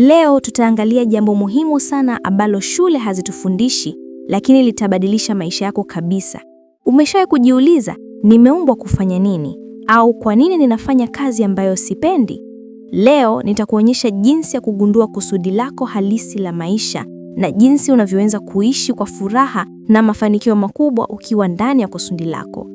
Leo tutaangalia jambo muhimu sana ambalo shule hazitufundishi, lakini litabadilisha maisha yako kabisa. Umeshawahi kujiuliza, nimeumbwa kufanya nini? Au kwa nini ninafanya kazi ambayo sipendi? Leo nitakuonyesha jinsi ya kugundua kusudi lako halisi la maisha na jinsi unavyoweza kuishi kwa furaha na mafanikio makubwa ukiwa ndani ya kusudi lako.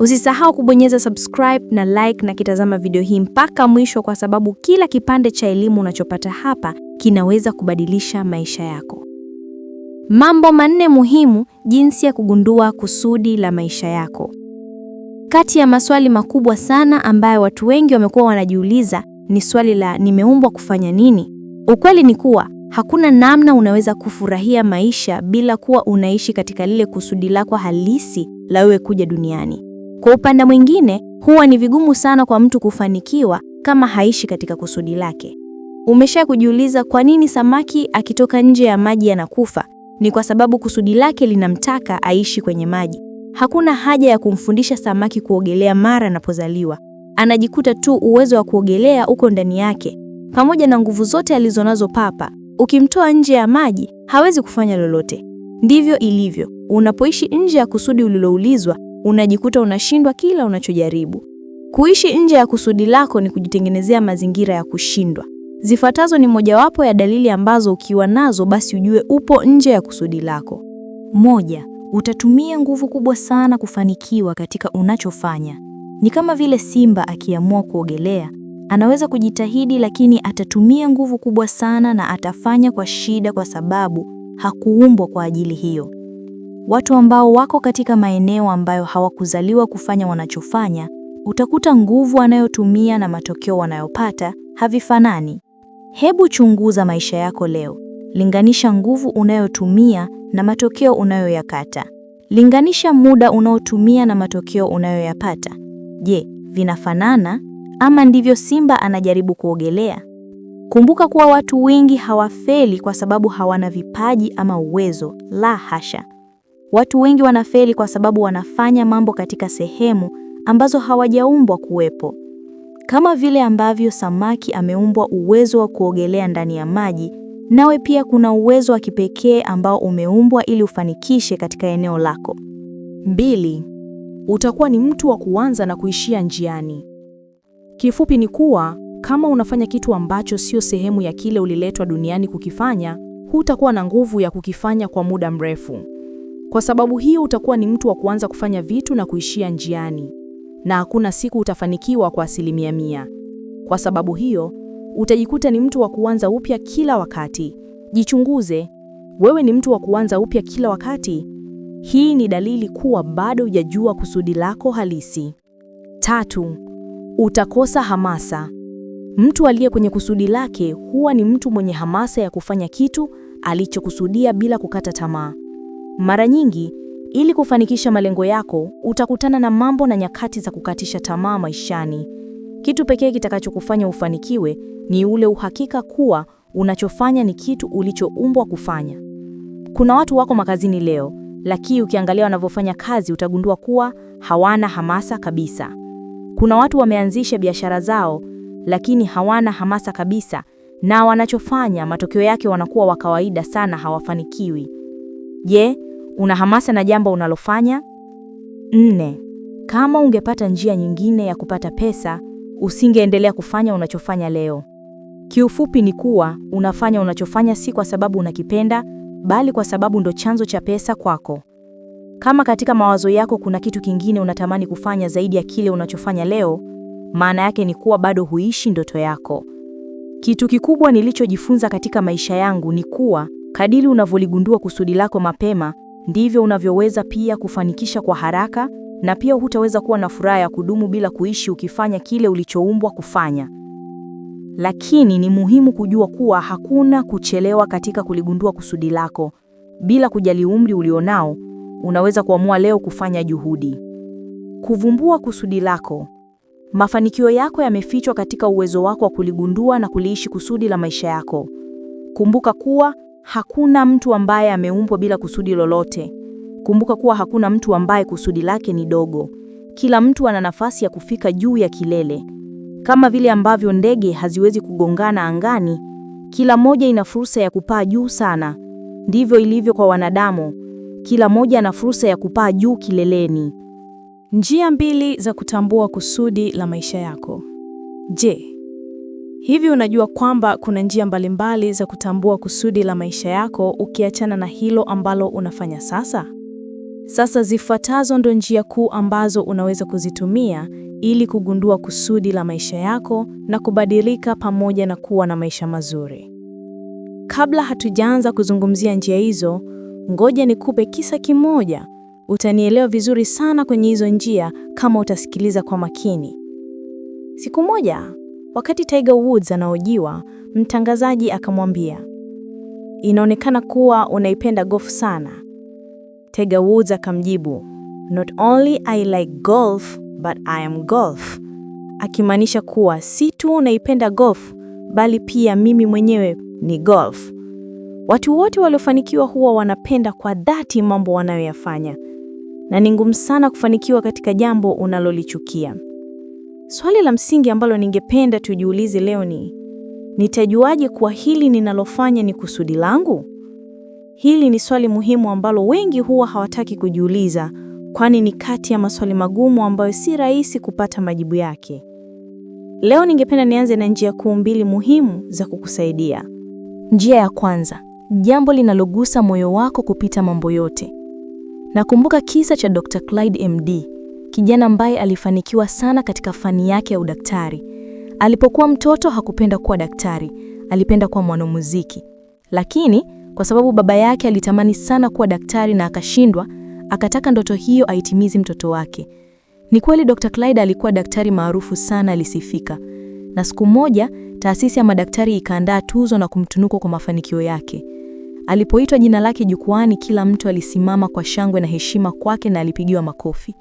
Usisahau kubonyeza subscribe na like na kitazama video hii mpaka mwisho, kwa sababu kila kipande cha elimu unachopata hapa kinaweza kubadilisha maisha yako. Mambo manne muhimu jinsi ya kugundua kusudi la maisha yako. Kati ya maswali makubwa sana ambayo watu wengi wamekuwa wanajiuliza ni swali la nimeumbwa kufanya nini? Ukweli ni kuwa hakuna namna unaweza kufurahia maisha bila kuwa unaishi katika lile kusudi lako halisi la wewe kuja duniani. Kwa upande mwingine, huwa ni vigumu sana kwa mtu kufanikiwa kama haishi katika kusudi lake. Umesha kujiuliza kwa nini samaki akitoka nje ya maji anakufa? Ni kwa sababu kusudi lake linamtaka aishi kwenye maji. Hakuna haja ya kumfundisha samaki kuogelea mara anapozaliwa. Anajikuta tu uwezo wa kuogelea uko ndani yake. Pamoja na nguvu zote alizonazo papa, ukimtoa nje ya maji hawezi kufanya lolote. Ndivyo ilivyo. Unapoishi nje ya kusudi uliloulizwa, unajikuta unashindwa kila unachojaribu. Kuishi nje ya kusudi lako ni kujitengenezea mazingira ya kushindwa. Zifuatazo ni mojawapo ya dalili ambazo ukiwa nazo basi ujue upo nje ya kusudi lako. Moja, utatumia nguvu kubwa sana kufanikiwa katika unachofanya. Ni kama vile simba akiamua kuogelea, anaweza kujitahidi lakini atatumia nguvu kubwa sana na atafanya kwa shida kwa sababu hakuumbwa kwa ajili hiyo watu ambao wako katika maeneo ambayo hawakuzaliwa kufanya wanachofanya, utakuta nguvu anayotumia na matokeo wanayopata havifanani. Hebu chunguza maisha yako leo, linganisha nguvu unayotumia na matokeo unayoyakata. Linganisha muda unaotumia na matokeo unayoyapata. Je, vinafanana ama ndivyo simba anajaribu kuogelea? Kumbuka kuwa watu wengi hawafeli kwa sababu hawana vipaji ama uwezo, la hasha. Watu wengi wanafeli kwa sababu wanafanya mambo katika sehemu ambazo hawajaumbwa kuwepo. Kama vile ambavyo samaki ameumbwa uwezo wa kuogelea ndani ya maji, nawe pia kuna uwezo wa kipekee ambao umeumbwa ili ufanikishe katika eneo lako. Mbili, utakuwa ni mtu wa kuanza na kuishia njiani. Kifupi ni kuwa kama unafanya kitu ambacho sio sehemu ya kile uliletwa duniani kukifanya, hutakuwa na nguvu ya kukifanya kwa muda mrefu. Kwa sababu hiyo utakuwa ni mtu wa kuanza kufanya vitu na kuishia njiani, na hakuna siku utafanikiwa kwa asilimia mia. Kwa sababu hiyo utajikuta ni mtu wa kuanza upya kila wakati. Jichunguze, wewe ni mtu wa kuanza upya kila wakati? Hii ni dalili kuwa bado hujajua kusudi lako halisi. Tatu, utakosa hamasa. Mtu aliye kwenye kusudi lake huwa ni mtu mwenye hamasa ya kufanya kitu alichokusudia bila kukata tamaa. Mara nyingi, ili kufanikisha malengo yako, utakutana na mambo na nyakati za kukatisha tamaa maishani. Kitu pekee kitakachokufanya ufanikiwe ni ule uhakika kuwa unachofanya ni kitu ulichoumbwa kufanya. Kuna watu wako makazini leo, lakini ukiangalia wanavyofanya kazi utagundua kuwa hawana hamasa kabisa. Kuna watu wameanzisha biashara zao, lakini hawana hamasa kabisa, na wanachofanya matokeo yake wanakuwa wa kawaida sana, hawafanikiwi. Je, una hamasa na jambo unalofanya. Nne, kama ungepata njia nyingine ya kupata pesa, usingeendelea kufanya unachofanya leo. Kiufupi ni kuwa unafanya unachofanya si kwa sababu unakipenda, bali kwa sababu ndo chanzo cha pesa kwako. Kama katika mawazo yako kuna kitu kingine unatamani kufanya zaidi ya kile unachofanya leo, maana yake ni kuwa bado huishi ndoto yako. Kitu kikubwa nilichojifunza katika maisha yangu ni kuwa kadiri unavyoligundua kusudi lako mapema, ndivyo unavyoweza pia kufanikisha kwa haraka, na pia hutaweza kuwa na furaha ya kudumu bila kuishi ukifanya kile ulichoumbwa kufanya. Lakini ni muhimu kujua kuwa hakuna kuchelewa katika kuligundua kusudi lako. Bila kujali umri ulionao, unaweza kuamua leo kufanya juhudi. Kuvumbua kusudi lako. Mafanikio yako yamefichwa katika uwezo wako wa kuligundua na kuliishi kusudi la maisha yako. Kumbuka kuwa Hakuna mtu ambaye ameumbwa bila kusudi lolote. Kumbuka kuwa hakuna mtu ambaye kusudi lake ni dogo. Kila mtu ana nafasi ya kufika juu ya kilele. Kama vile ambavyo ndege haziwezi kugongana angani, kila moja ina fursa ya kupaa juu sana. Ndivyo ilivyo kwa wanadamu, kila moja ana fursa ya kupaa juu kileleni. Njia mbili za kutambua kusudi la maisha yako. Je, Hivi unajua kwamba kuna njia mbalimbali za kutambua kusudi la maisha yako ukiachana na hilo ambalo unafanya sasa? Sasa zifuatazo ndo njia kuu ambazo unaweza kuzitumia ili kugundua kusudi la maisha yako na kubadilika pamoja na kuwa na maisha mazuri. Kabla hatujaanza kuzungumzia njia hizo, ngoja nikupe kisa kimoja. Utanielewa vizuri sana kwenye hizo njia kama utasikiliza kwa makini. Siku moja Wakati Tiger Woods anaojiwa, mtangazaji akamwambia, inaonekana kuwa unaipenda golf sana. Tiger Woods akamjibu, not only I like golf but I am golf, akimaanisha kuwa si tu unaipenda golf bali pia mimi mwenyewe ni golf. Watu wote waliofanikiwa huwa wanapenda kwa dhati mambo wanayoyafanya, na ni ngumu sana kufanikiwa katika jambo unalolichukia. Swali la msingi ambalo ningependa tujiulize leo ni nitajuaje kuwa hili ninalofanya ni kusudi langu? Hili ni swali muhimu ambalo wengi huwa hawataki kujiuliza, kwani ni kati ya maswali magumu ambayo si rahisi kupata majibu yake. Leo ningependa nianze na njia kuu mbili muhimu za kukusaidia. Njia ya kwanza, jambo linalogusa moyo wako kupita mambo yote. Nakumbuka kisa cha Dr. Clyde MD kijana ambaye alifanikiwa sana katika fani yake ya udaktari. Alipokuwa mtoto hakupenda kuwa daktari, alipenda kuwa mwanamuziki. Lakini kwa sababu baba yake alitamani sana kuwa daktari na akashindwa, akataka ndoto hiyo aitimizi mtoto wake. Ni kweli Dr. Clyde alikuwa daktari maarufu sana, alisifika. Na siku moja taasisi ya madaktari ikaandaa tuzo na kumtunuku kwa mafanikio yake. Alipoitwa jina lake jukwani, kila mtu alisimama kwa shangwe na heshima kwake na alipigiwa makofi.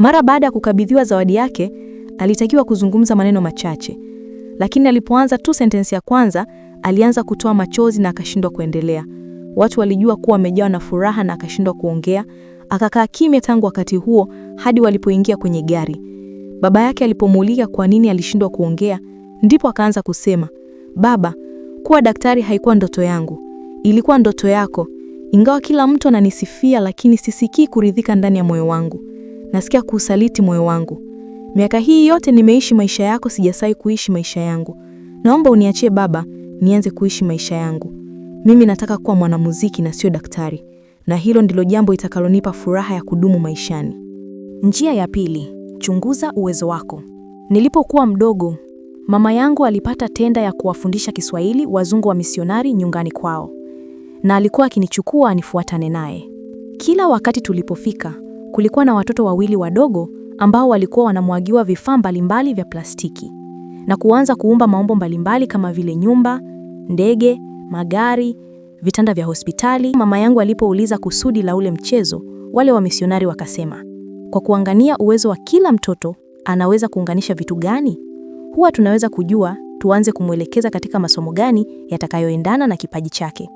Mara baada ya kukabidhiwa zawadi yake, alitakiwa kuzungumza maneno machache, lakini alipoanza tu sentensi ya kwanza alianza kutoa machozi na akashindwa kuendelea. Watu walijua kuwa amejawa na furaha na akashindwa kuongea. Akakaa kimya tangu wakati huo hadi walipoingia kwenye gari. Baba yake alipomuuliza kwa nini alishindwa kuongea, ndipo akaanza kusema, baba, kuwa daktari haikuwa ndoto yangu, ilikuwa ndoto yako. Ingawa kila mtu ananisifia, lakini sisikii kuridhika ndani ya moyo wangu nasikia kuusaliti moyo wangu. Miaka hii yote nimeishi maisha yako, sijasai kuishi maisha yangu. Naomba uniachie baba, nianze kuishi maisha yangu. Mimi nataka kuwa mwanamuziki na sio daktari, na hilo ndilo jambo itakalonipa furaha ya kudumu maishani. Njia ya pili, chunguza uwezo wako. Nilipokuwa mdogo, mama yangu alipata tenda ya kuwafundisha Kiswahili wazungu wa misionari nyungani kwao, na alikuwa akinichukua anifuatane naye. Kila wakati tulipofika kulikuwa na watoto wawili wadogo ambao walikuwa wanamwagiwa vifaa mbalimbali vya plastiki na kuanza kuumba maumbo mbalimbali kama vile nyumba, ndege, magari, vitanda vya hospitali. Mama yangu alipouliza kusudi la ule mchezo, wale wamisionari wakasema, kwa kuangania uwezo wa kila mtoto anaweza kuunganisha vitu gani, huwa tunaweza kujua tuanze kumwelekeza katika masomo gani yatakayoendana na kipaji chake.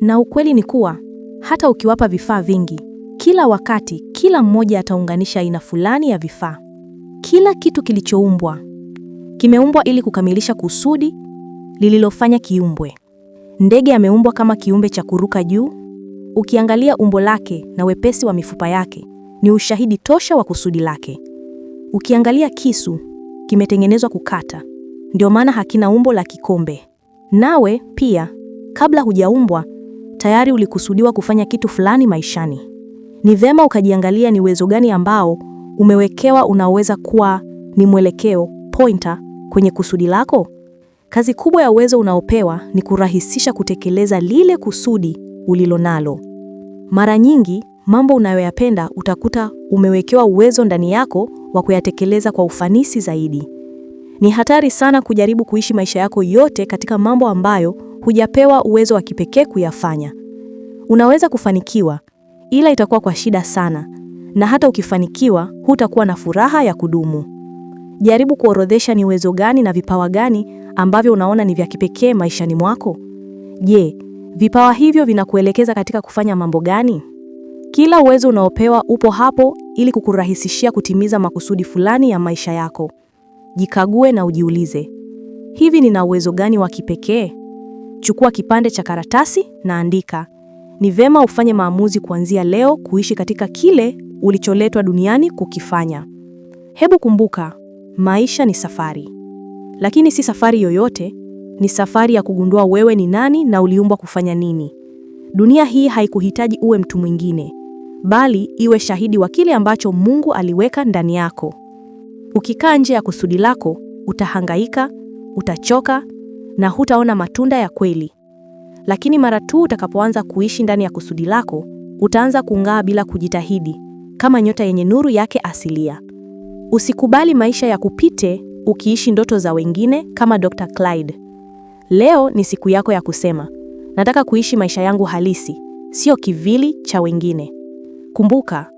Na ukweli ni kuwa hata ukiwapa vifaa vingi kila wakati, kila mmoja ataunganisha aina fulani ya vifaa. Kila kitu kilichoumbwa kimeumbwa ili kukamilisha kusudi lililofanya kiumbwe. Ndege ameumbwa kama kiumbe cha kuruka juu. Ukiangalia umbo lake na wepesi wa mifupa yake ni ushahidi tosha wa kusudi lake. Ukiangalia kisu, kimetengenezwa kukata, ndio maana hakina umbo la kikombe. Nawe pia, kabla hujaumbwa, tayari ulikusudiwa kufanya kitu fulani maishani ni vema ukajiangalia ni uwezo gani ambao umewekewa unaweza kuwa ni mwelekeo pointer kwenye kusudi lako. Kazi kubwa ya uwezo unaopewa ni kurahisisha kutekeleza lile kusudi ulilonalo. Mara nyingi mambo unayoyapenda utakuta umewekewa uwezo ndani yako wa kuyatekeleza kwa ufanisi zaidi. Ni hatari sana kujaribu kuishi maisha yako yote katika mambo ambayo hujapewa uwezo wa kipekee kuyafanya. Unaweza kufanikiwa ila itakuwa kwa shida sana, na hata ukifanikiwa hutakuwa na furaha ya kudumu. Jaribu kuorodhesha ni uwezo gani na vipawa gani ambavyo unaona ni vya kipekee maishani mwako. Je, vipawa hivyo vinakuelekeza katika kufanya mambo gani? Kila uwezo unaopewa upo hapo ili kukurahisishia kutimiza makusudi fulani ya maisha yako. Jikague na ujiulize, hivi nina uwezo gani wa kipekee? Chukua kipande cha karatasi na andika, ni vema ufanye maamuzi kuanzia leo kuishi katika kile ulicholetwa duniani kukifanya. Hebu kumbuka, maisha ni safari, lakini si safari yoyote. Ni safari ya kugundua wewe ni nani na uliumbwa kufanya nini. Dunia hii haikuhitaji uwe mtu mwingine, bali iwe shahidi wa kile ambacho Mungu aliweka ndani yako. Ukikaa nje ya kusudi lako, utahangaika, utachoka na hutaona matunda ya kweli lakini mara tu utakapoanza kuishi ndani ya kusudi lako, utaanza kung'aa bila kujitahidi, kama nyota yenye nuru yake asilia. Usikubali maisha ya kupite ukiishi ndoto za wengine kama Dr. Clyde. Leo ni siku yako ya kusema, nataka kuishi maisha yangu halisi, sio kivili cha wengine. Kumbuka,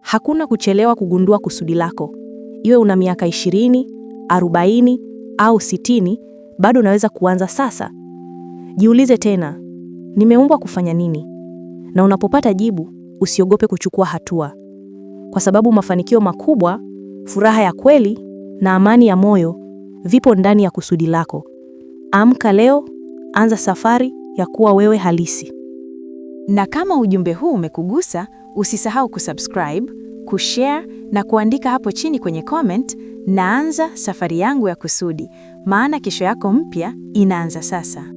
hakuna kuchelewa kugundua kusudi lako. Iwe una miaka 20, 40 au 60, bado unaweza kuanza sasa. Jiulize tena, nimeumbwa kufanya nini? Na unapopata jibu, usiogope kuchukua hatua, kwa sababu mafanikio makubwa, furaha ya kweli na amani ya moyo vipo ndani ya kusudi lako. Amka leo, anza safari ya kuwa wewe halisi. Na kama ujumbe huu umekugusa, usisahau kusubscribe, kushare na kuandika hapo chini kwenye comment, naanza safari yangu ya kusudi, maana kesho yako mpya inaanza sasa.